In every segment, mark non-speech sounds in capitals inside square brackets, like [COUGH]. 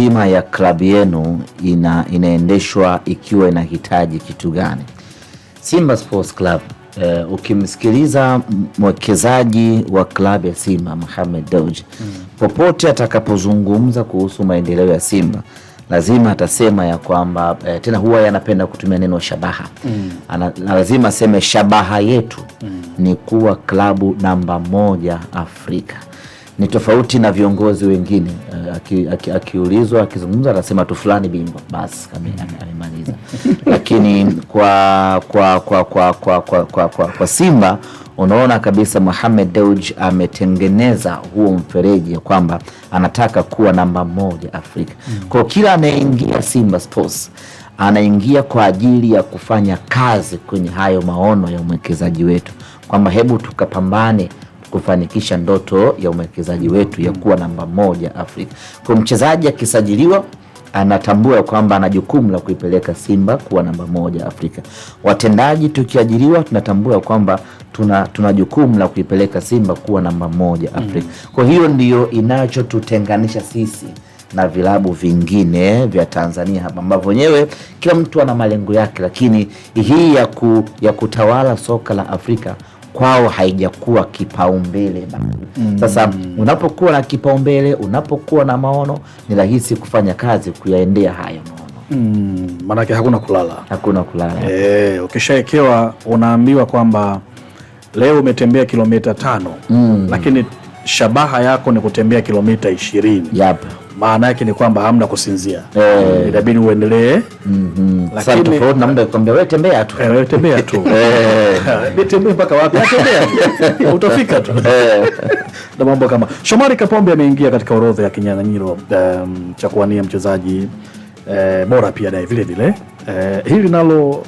zima ya klabu yenu ina, inaendeshwa ikiwa inahitaji kitu gani? Simba Sports Club uh, ukimsikiliza mwekezaji wa klabu ya Simba Mohamed Dewji mm. popote atakapozungumza kuhusu maendeleo ya Simba lazima atasema ya kwamba eh, tena huwa anapenda kutumia neno shabaha mm. Ana, lazima aseme shabaha yetu mm. ni kuwa klabu namba moja Afrika ni tofauti na viongozi wengine. Eh, akiulizwa aki, akizungumza anasema tu fulani bingwa, basi amemaliza. [LAUGHS] Lakini kwa kwa kwa kwa kwa kwa kwa kwa kwa Simba unaona kabisa Mohamed Dewji ametengeneza huo mfereji kwamba anataka kuwa namba moja Afrika. Mm. Kwa kila anayeingia Simba Sports anaingia kwa ajili ya kufanya kazi kwenye hayo maono ya mwekezaji wetu kwamba hebu tukapambane kufanikisha ndoto ya umwekezaji wetu ya kuwa namba moja Afrika. Kwa mchezaji akisajiliwa anatambua kwamba ana jukumu la kuipeleka Simba kuwa namba moja Afrika. Watendaji tukiajiriwa, tunatambua kwamba tuna, tuna jukumu la kuipeleka Simba kuwa namba moja Afrika. Mm. Kwa hiyo ndiyo inachotutenganisha sisi na vilabu vingine vya Tanzania hapa ambavyo wenyewe kila mtu ana malengo yake, lakini hii ya, ku, ya kutawala soka la Afrika kwao haijakuwa kipaumbele Mm. Sasa unapokuwa na kipaumbele, unapokuwa na maono, ni rahisi kufanya kazi kuyaendea hayo maono. Mm. Maanake hakuna kulala, hakuna kulala. E, ukishaekewa unaambiwa kwamba leo umetembea kilomita tano. Mm. Lakini shabaha yako ni kutembea kilomita ishirini. Yep maana yake ni kwamba hamna kusinzia, eh. inabidi uendelee, mm-hmm. tembea tu, eh, tembea tu, [LAUGHS] eh. tembea mpaka wapi? [LAUGHS] Utafika tu na mambo kama. Shomari Kapombe ameingia katika orodha ya kinyang'anyiro um, cha kuwania mchezaji uh, bora pia naye vile vile uh, hili nalo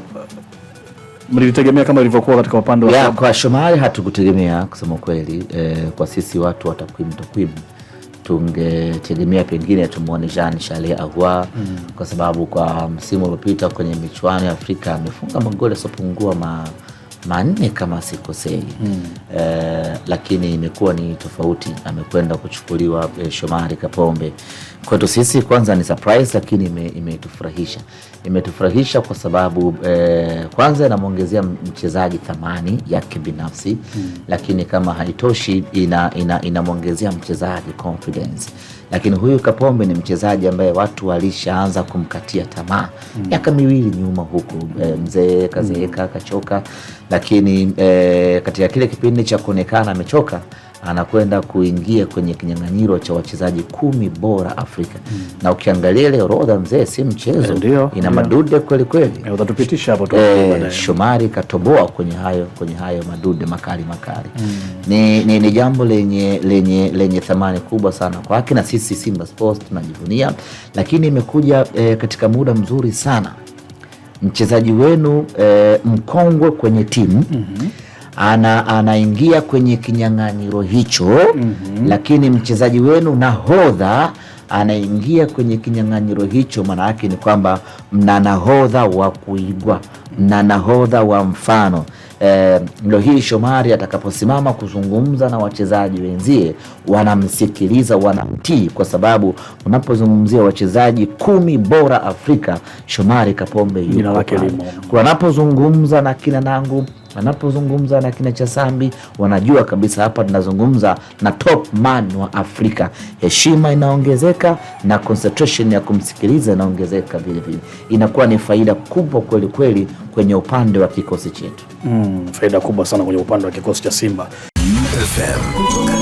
mlilitegemea kama ilivyokuwa katika upande wa kwa Shomari? Hatukutegemea kusema kweli, eh, kwa sisi watu wa takwimu takwimu tungetegemea pengine tumwone Jean Charles Ahoua mm. kwa sababu kwa msimu uliopita kwenye michuano ya Afrika amefunga magoli asiopungua ma manne kama sikosei mm. E, lakini imekuwa ni tofauti, amekwenda kuchukuliwa e, Shomari Kapombe. Kwetu sisi kwanza ni surprise, lakini imetufurahisha ime imetufurahisha kwa sababu e, kwanza inamwongezea mchezaji thamani ya kibinafsi mm. Lakini kama haitoshi inamwongezea ina, ina mchezaji confidence, lakini huyu Kapombe ni mchezaji ambaye watu walishaanza kumkatia tamaa hmm. miaka mm. miwili nyuma huku mzee kazeeka mm. kachoka lakini e, katika kile kipindi cha kuonekana amechoka anakwenda kuingia kwenye kinyang'anyiro cha wachezaji kumi bora Afrika mm. na ukiangalia ile orodha mzee, si mchezo e, ina madude kweli kweli e, e, Shomari katoboa kwenye hayo, kwenye hayo madude makali makali mm. ni, ni, ni jambo lenye, lenye, lenye thamani kubwa sana kwake na sisi Simba Sports tunajivunia, lakini imekuja e, katika muda mzuri sana mchezaji wenu e, mkongwe kwenye timu mm -hmm. Ana, anaingia kwenye kinyang'anyiro hicho mm -hmm. Lakini mchezaji wenu nahodha anaingia kwenye kinyang'anyiro hicho, maana yake ni kwamba mna nahodha wa kuigwa, mna nahodha wa mfano ndo eh, hii Shomari atakaposimama kuzungumza na wachezaji wenzie, wanamsikiliza wanamtii, kwa sababu unapozungumzia wachezaji kumi bora Afrika, Shomari Kapombe yuko Wanapozungumza na kina Nangu wanapozungumza na kina Chasambi wanajua kabisa hapa tunazungumza na top man wa Afrika. Heshima inaongezeka na concentration ya kumsikiliza inaongezeka vilevile, inakuwa ni faida kubwa kweli kweli kwenye upande wa kikosi chetu mm, faida kubwa sana kwenye upande wa kikosi cha Simba FM.